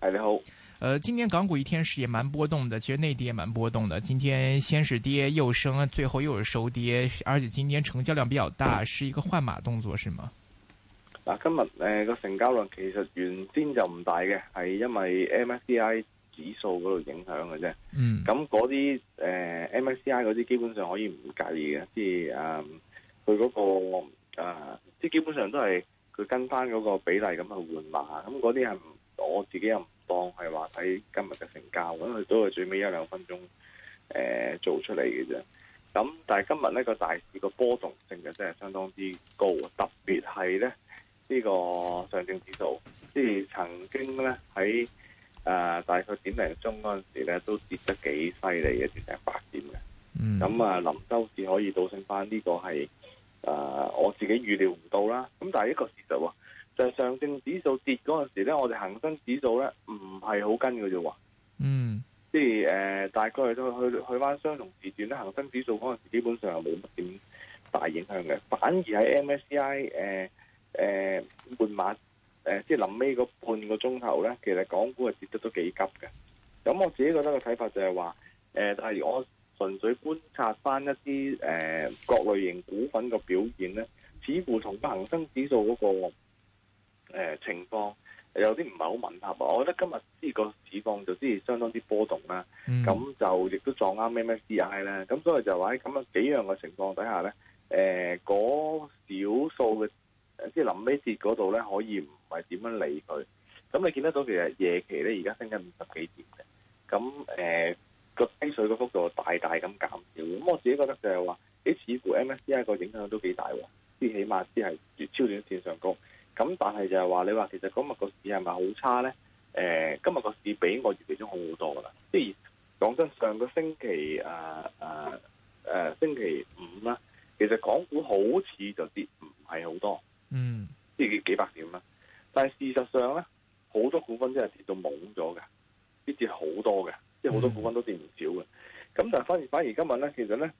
係你好，誒、呃，今年港股一天市也蠻波動的，其實內地也蠻波動的。今天先是跌，又升，最後又是收跌，而且今天成交量比較大，是一個換馬動作，是嗎？嗱，今日誒個成交量其實原先就唔大嘅，係因為 MSCI 指數嗰度影響嘅啫。嗯，咁嗰啲誒 MSCI 嗰啲基本上可以唔計嘅，即係誒佢嗰個誒、呃，即係基本上都係佢跟翻嗰個比例咁去換馬，咁啲係唔。我自己又唔當係話睇今日嘅成交，咁佢都係最尾一兩分鐘誒、呃、做出嚟嘅啫。咁但係今日呢個大市個波動性就真係相當之高，特別係咧呢、呢個上證指數，即係曾經呢喺誒、呃、大概點零鐘嗰陣時咧都跌得幾犀利嘅，跌成八點嘅。咁、嗯、啊，臨收市可以倒升翻，呢個係誒我自己預料唔到啦。咁但係一個事實喎。就是、上證指數跌嗰陣時咧，我哋恒生指數咧唔係好跟嘅啫喎。嗯，即係誒大概、就是、去去去翻相同時段咧，恒生指數嗰陣時基本上係冇乜點大影響嘅。反而喺 MSCI 誒、呃、誒換馬誒，即係臨尾嗰半個鐘頭咧，其實港股係跌得都幾急嘅。咁我自己覺得嘅睇法就係話，誒、呃、例如我純粹觀察翻一啲誒、呃、各類型股份嘅表現咧，似乎同個恒生指數嗰、嗰個。誒、呃、情況、呃、有啲唔係好吻合，我覺得今日呢個市況就即係相當之波動啦。咁、嗯、就亦都撞啱 MSCI 啦。咁所以就話喺咁樣幾樣嘅情況底下咧，誒嗰少數嘅即係臨尾節嗰度咧，呃、可以唔係點樣理佢。咁你見得到其實夜期咧而家升緊五十幾點嘅，咁誒個低水嘅幅度大大咁減少。咁我自己覺得就係話，似乎 MSCI 個影響都幾大喎，即係起碼即係超短線上高。咁但係就係話你話其實今日個市係咪好差咧？誒、呃，今日個市比我預期中好多噶啦。即係講真，上個星期啊啊誒、啊、星期五啦，其實港股好似就跌唔係好多，嗯，即係幾百點啦。但係事實上咧，好多股份真係跌到懵咗嘅，啲跌好多嘅，即係好多股份都跌唔少嘅。咁、嗯、但係反而反而今日咧，其實咧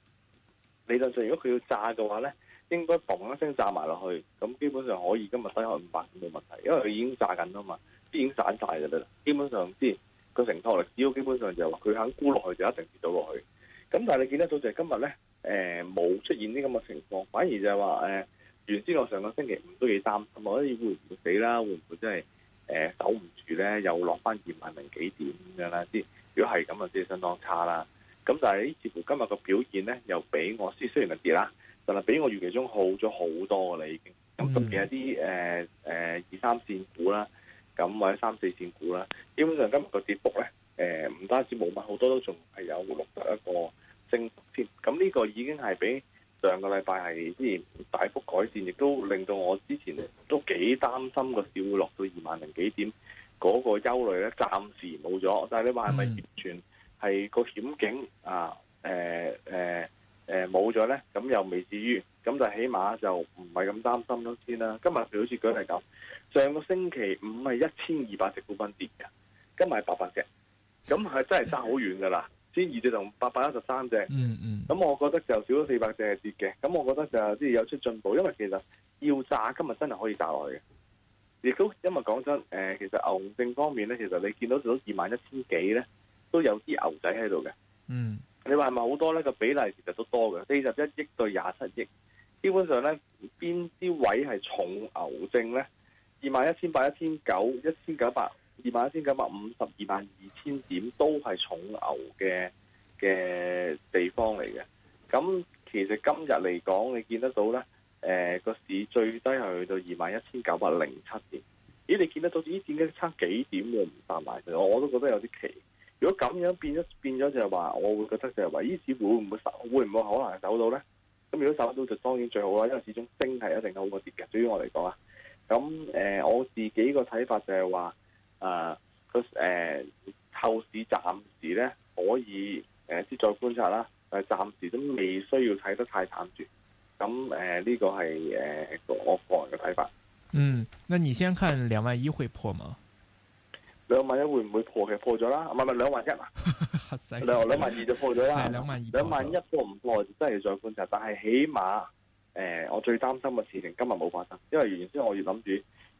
理論上如果佢要炸嘅話咧。應該嘣一聲炸埋落去，咁基本上可以今日低開五百冇問題，因為佢已，已經炸緊啦嘛，啲已經散晒就得啦。基本上啲個承托力只要基本上就係話佢肯沽落去就一定跌到落去。咁但係你見得到就係今日咧，冇、呃、出現啲咁嘅情況，反而就係話、呃、原先我上個星期五都幾擔心，我諗會唔會死啦，會唔會真係誒、呃、守唔住咧，又落翻二萬零幾點咁樣啦？啲如果係咁啊，真係相當差啦。咁但係似乎今日個表現咧又比我先雖然係跌啦。但係比我預期中好咗好多噶啦，已經咁特別一啲誒誒二三線股啦，咁或者三四線股啦，基本上今日嘅跌幅咧，誒唔單止冇乜，好多都仲係有錄得一個升添。咁呢個已經係比上個禮拜係之前大幅改善，亦都令到我之前都幾擔心個市會落到二萬零幾點嗰，那個憂慮咧，暫時冇咗。但係你話係咪完全係個險境啊？誒、呃、誒。呃誒、呃，冇咗咧，咁又未至於，咁就起碼就唔係咁擔心咯，先啦。今日佢好似舉例咁，上個星期五係一千二百隻股份跌嘅，今日八百隻，咁係真係差好遠噶啦。千二隻同八百一十三隻，嗯嗯，咁我覺得就少咗四百隻係跌嘅，咁我覺得就即係有出進步，因為其實要揸，今日真係可以揸落去嘅。亦都因為講真，誒、呃，其實牛證方面咧，其實你見到到二萬一千幾咧，都有啲牛仔喺度嘅，嗯。 你話係咪好多呢？個比例其實都多嘅，四十一億對廿七億，基本上呢邊啲位係重牛證呢？二萬一千八、一千九、一千九百、二萬一千九百五十二萬二千點都係重牛嘅嘅地方嚟嘅。咁其實今日嚟講，你見得到呢誒個、呃、市最低係去到二萬一千九百零七點。咦？你見得到咦？點解差幾點嘅唔殺埋佢，我都覺得有啲奇怪。如果咁樣變咗變咗就係話我會覺得就係話會唔會會唔會可能走到咧？咁如果走到就當然最好啦，因為始終升係一定好過跌嘅。對於我嚟講啊，咁誒、呃、我自己個睇法就係話誒個誒後市暫時咧可以誒即、呃、再觀察啦，但係暫時都未需要睇得太淡住。咁誒呢個係誒我個人嘅睇法。嗯，那你先看兩萬一會破嗎？兩萬一會唔會破嘅？破咗啦，係兩萬一，兩 兩萬二就破咗啦。兩 萬二，兩萬一會唔會破唔耐，真係要再觀察。但係起碼，誒、呃，我最擔心嘅事情今日冇發生，因為原先我要諗住，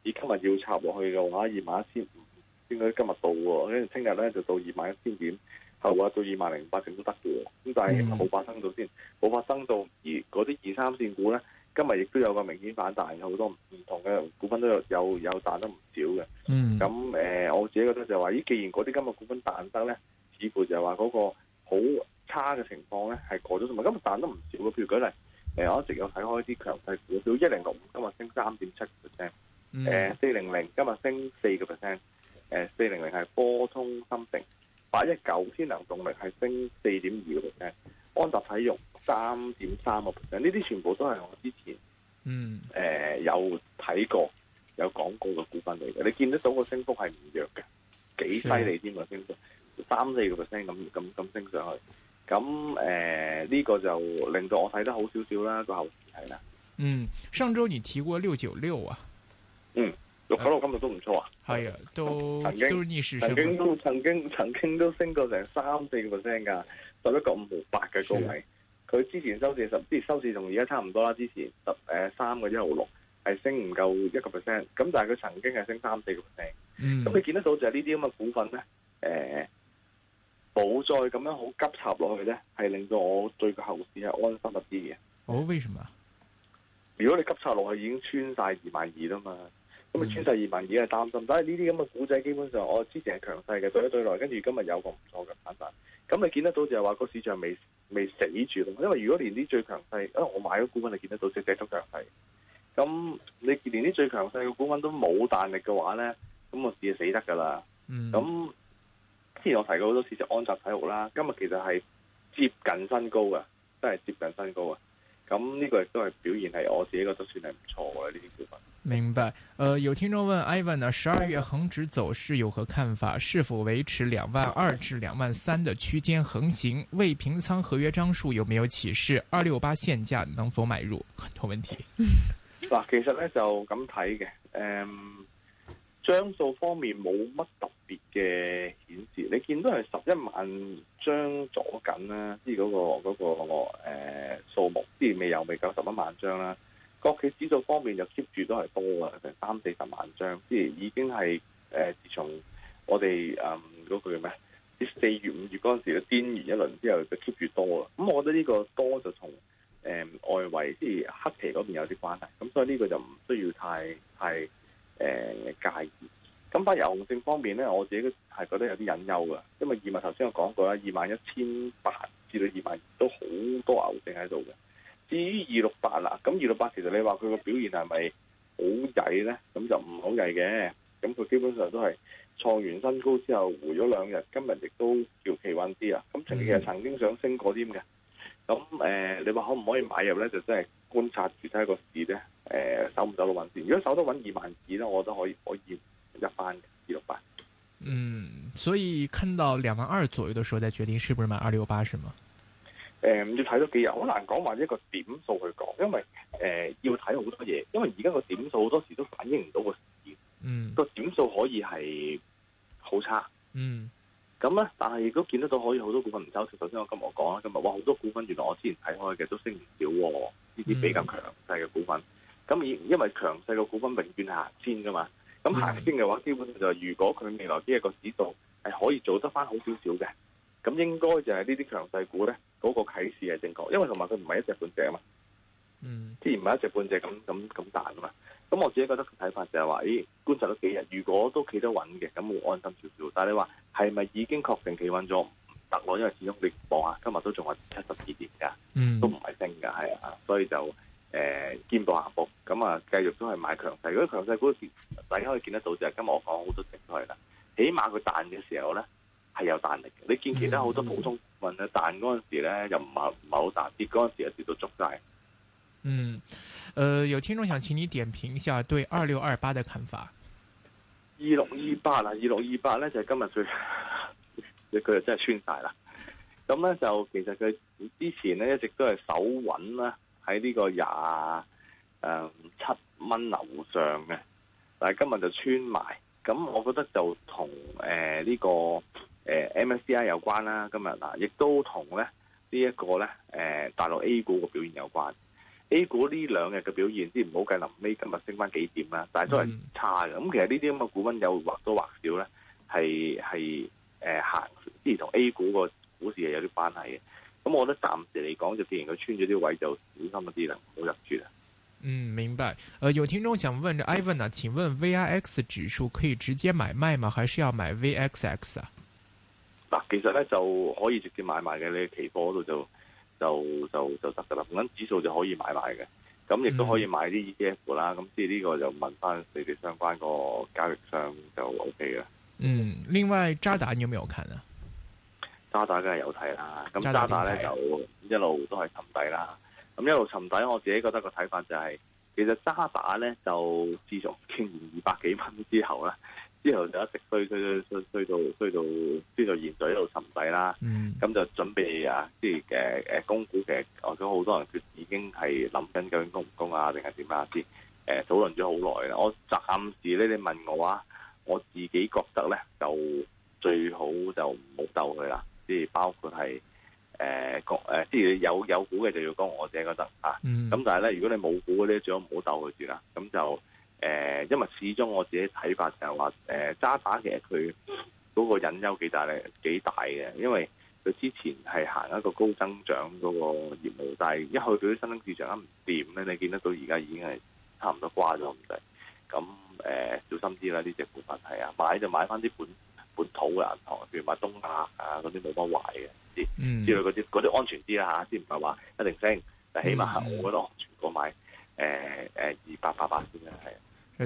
以今日要插落去嘅話，二萬一千五應該今日到喎。跟住聽日咧就到二萬一千點，後日到二萬零八成都得嘅。咁但係冇發生到先，冇、嗯、發生到而嗰啲二三線股咧。今日亦都有個明顯反彈，有好多唔同嘅股份都有有有彈得唔少嘅。咁、mm. 誒、呃，我自己覺得就話，咦，既然嗰啲今日股份彈得咧，似乎就話嗰個好差嘅情況咧係過咗，同埋今日彈得唔少嘅。譬如舉例，誒、呃，我一直有睇開啲強勢股，到一零六五今日升三點七個 percent。誒，四零零今日升四個 percent。誒，四零零係波通芯城，八一九天能動力係升四點二個 percent。安踏體育。三點三個 percent，呢啲全部都係我之前嗯誒、呃、有睇過有講過嘅股份嚟嘅，你見得到個升幅係唔弱嘅，幾犀利添個升幅，三四個 percent 咁咁咁升上去，咁誒呢個就令到我睇得好少少啦個後市係啦。嗯，上周你提過六九六啊？嗯，六九六今日都唔錯啊。係啊，嗯、都係都逆曾,曾經都曾經曾經都升過成三四個 percent 㗎，十一九五毫八嘅高位。佢之前收市十，即係收市同而家差唔多啦。之前，之前十誒三個一毫六，係、呃、升唔夠一個 percent。咁但係佢曾經係升三四個 percent。咁你見得到就係呢啲咁嘅股份咧，誒、呃，冇再咁樣好急插落去咧，係令到我對個後市係安心一啲嘅。哦，為什麼啊？如果你急插落去已經穿晒二萬二啦嘛，咁你穿晒二萬二係擔心。但係呢啲咁嘅股仔基本上，我之前係強勢嘅，對一對耐，跟住今日有個唔錯嘅反彈。咁你見得到就係話個市場未。未死住，因為如果連啲最強勢，因、啊、為我買嘅股份你見得到隻隻都強勢，咁你連啲最強勢嘅股份都冇彈力嘅話咧，咁我試就死得噶啦。咁、嗯、之前我提過好多次就安踏體育啦，今日其實係接近新高噶，真係接近新高啊！咁、這、呢個都係表現，係我自己覺得算係唔錯嘅呢啲股份。明白，呃，有聽眾問 Ivan 啊，十二月恒指走勢有何看法？是否維持兩萬二至兩萬三嘅區間橫行？未平倉合約張數有沒有啟示？二六八限價能否買入？好問題。嗱 啊，其實呢就咁睇嘅，誒、嗯。張數方面冇乜特別嘅顯示，你看是11，你見到係十一萬張咗緊啦，即係嗰個嗰個、呃、數目，即係未有未夠十一萬張啦。國企指數方面就 keep 住都係多啦，成三四十萬張，即係已經係、呃、自從我哋誒嗰句咩，啲、嗯、四、那個、月五月嗰陣時就癲完一輪之後，就 keep 住多啦。咁我覺得呢個多就同誒、呃、外圍即係黑皮嗰邊有啲關係，咁所以呢個就唔需要太太。誒、嗯，介意。咁關於牛熊證方面咧，我自己係覺得有啲隱憂噶，因為二萬頭先我講過啦，二萬一千八至到二萬二都好多牛熊證喺度嘅。至於二六八啦，咁二六八其實你話佢個表現係咪好曳咧？咁就唔好曳嘅。咁佢基本上都係創完新高之後回咗兩日，今日亦都叫企穩啲啊。咁其實曾經想升過啲嘅。咁誒、呃，你話可唔可以買入咧？就真係。觀察住睇個市咧，誒、呃，走唔走到穩先。如果走得穩二萬二咧，我都可以可以入翻二六八。嗯，所以看到兩萬二左右的時候，再決定是不是買二六八，是嗎？誒、呃，要睇多幾日，好難講話一個點數去講，因為誒、呃、要睇好多嘢，因為而家個點數好多時都反映唔到個市。嗯，個點數可以係好差。嗯。咁、嗯、咧，但係如果見得到可以好多股份唔收市，首先我咁我講啦，今日哇好多股份原來我之前睇開嘅都升唔少喎，呢啲比較強勢嘅股份。咁因為強勢嘅股份永遠係行先㗎嘛，咁行先嘅話，基本上就係如果佢未來呢一個指數係可以做得返好少少嘅，咁應該就係呢啲強勢股咧，嗰個啟示係正確，因為同埋佢唔係一隻半隻啊嘛，嗯，之前唔係一隻半隻咁咁咁彈啊嘛。咁我自己覺得睇法就係話，咦、哎，觀察咗幾日，如果都企得穩嘅，咁會安心少少。但係你話係咪已經確定企穩咗？唔得咯，因為始終你望下，今日都仲係七十二點㗎，都唔係升㗎，係啊，所以就誒見步行步，咁啊繼續都係買強勢。如果強勢股是大家可以見得到，就係今日我講好多證據啦，起碼佢彈嘅時候咧係有彈力嘅。你見其他好多普通運嘅彈嗰陣時咧，又唔係唔係好彈，跌嗰陣時又跌到足晒。嗯，誒、呃，有聽眾想請你點評一下對二六二八嘅看法。二六二八啊，二六二八咧就係、是、今日最，佢 就真係穿晒啦。咁咧就其實佢之前咧一直都係手穩啦，喺呢個廿誒七蚊樓上嘅，但係今日就穿埋。咁我覺得就同誒呢個誒、呃、MSCI 有關啦。今日嗱，亦都同咧呢一、這個咧誒、呃、大陸 A 股嘅表現有關。A 股呢兩日嘅表現，先唔好計臨尾今日升翻幾點啦，但係都係差嘅。咁、嗯、其實呢啲咁嘅股份又或多或少咧，係係誒行，即係同 A 股個股市係有啲關係嘅。咁、嗯、我覺得暫時嚟講，就既然佢穿咗啲位，就小心一啲啦，唔好入住啦。嗯，明白。誒、呃，有聽眾想問，Ivan 啊，請問 VIX 指數可以直接買賣嗎？還是要買 VXX 啊？嗱，其實咧就可以直接買賣嘅，你的期貨嗰度就。就就就得噶啦，咁指數就可以買賣嘅，咁亦都可以買啲 E T F 啦、嗯。咁即係呢個就問翻你哋相關個交易商就 O K 啦。嗯，另外渣打你有冇睇啊？渣打梗係有睇啦，咁渣打咧就一路都係沉底啦。咁一路沉底，我自己覺得個睇法就係、是，其實渣打咧就自從傾完二百幾蚊之後咧。之後就一直推推推推到推到，知到，到，到現在一路沉底啦。咁、mm. 就準備啊，即係誒，供股其實我得好多人佢已經係諗緊究竟供唔供啊，定係點啊先？誒，討論咗好耐啦。我暫時呢，你問我啊，我自己覺得咧，就最好就唔好逗佢啦。即係包括係誒，講、呃、誒，即係、呃、有有股嘅就要講，我自己覺得咁、mm. 但係咧，如果你冇股嗰啲，最好唔好逗佢住啦。咁就。誒，因為始終我自己睇法就係話，誒、呃、渣打其實佢嗰個隱憂幾大咧，幾大嘅，因為佢之前係行一個高增長嗰個業務，但係一去到啲新興市場一唔掂咧，你見得到而家已經係差唔多瓜咗咁滯。咁誒、呃，小心啲啦，呢隻股份係啊，買就買翻啲本本土嘅銀行，譬如話東亞啊嗰啲冇乜壞嘅，之之類嗰啲，啲安全啲啊嚇，先唔係話一定升，但、嗯、起碼、嗯、我覺得安全過買誒誒二八八八先啦，係、呃。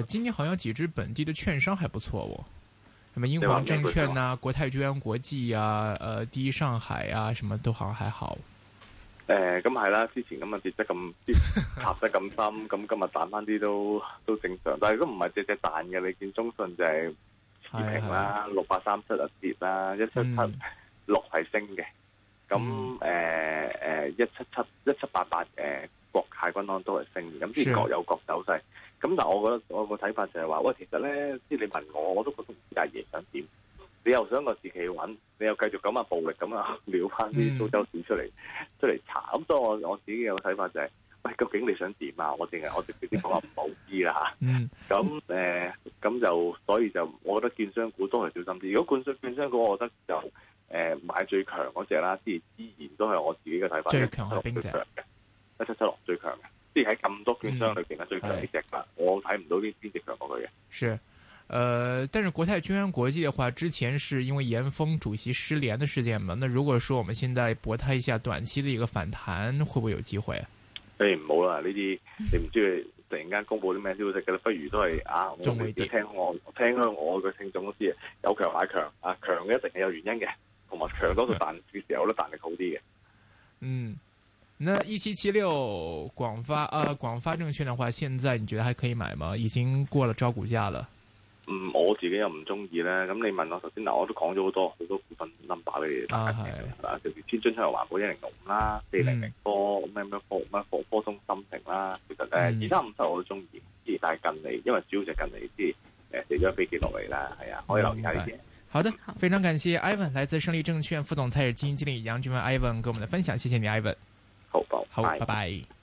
今年好像幾支本地嘅券商還不錯哦，什麼英皇證券啊、國泰君安國際啊、誒、呃、第一上海啊，什麼都好像還好。誒、呃，咁係啦，之前咁啊跌得咁跌，插得咁深，咁 今日彈翻啲都都正常，但係都唔係只隻彈嘅。你見中信就係持平啦，六百三七啊跌啦，一七七六係升嘅。咁誒誒一七七一七八八誒國泰君安都係升，咁先各有各走勢。咁但係我覺得我個睇法就係話，喂，其實咧，即係你問我，我都覺得阿爺想點？你又想個時期去揾你又繼續咁啊暴力咁啊撩翻啲蘇州屎出嚟、嗯、出嚟查。咁所以我我自己有個睇法就係、是，喂，究竟你想點啊？我淨係我直接啲講話唔好知啦。咁、嗯、誒，咁、呃、就所以就，我覺得券商股都係小心啲。如果灌水券商股，我覺得就誒、呃、買最強嗰隻啦，即係依然都係我自己嘅睇法、就是。最強係冰一七七六最強。即係喺咁多券商裏邊嘅、嗯、最強啲隻啦，我睇唔到啲邊隻強過佢嘅。是，誒、呃，但是國泰君安國際嘅話，之前是因為嚴峰主席失聯的事件嘛？那如果說我們現在博他一下短期的一個反彈，會不會有機會？唔，冇啦，呢啲 你唔知佢突然間公布啲咩消息嘅啦，不如都係啊，我哋聽，聽，聽我聽、嗯、我嘅聽眾公司有強買強，啊強嘅一定係有原因嘅，同埋強多到彈嘅時候都彈力好啲嘅。嗯。那一七七六廣發呃廣發證券的話，現在你覺得還可以買嗎？已經過了招股價了。嗯，我自己又唔中意咧。咁你問我，頭先嗱，我都講咗好多好多股份 number 俾大家嘅啦，譬如天津環保一零六五啦，四零零咩咩咩啦。其實誒我都中意，但係近嚟，因為主要就近嚟誒跌咗飛機落嚟啦，係啊，可以留意下呢啲。好的，非常感謝 Ivan 來自勝利證券副總裁兼基金經理楊俊文 Ivan 跟我們的分享，謝謝你 Ivan。好，好，好，拜拜。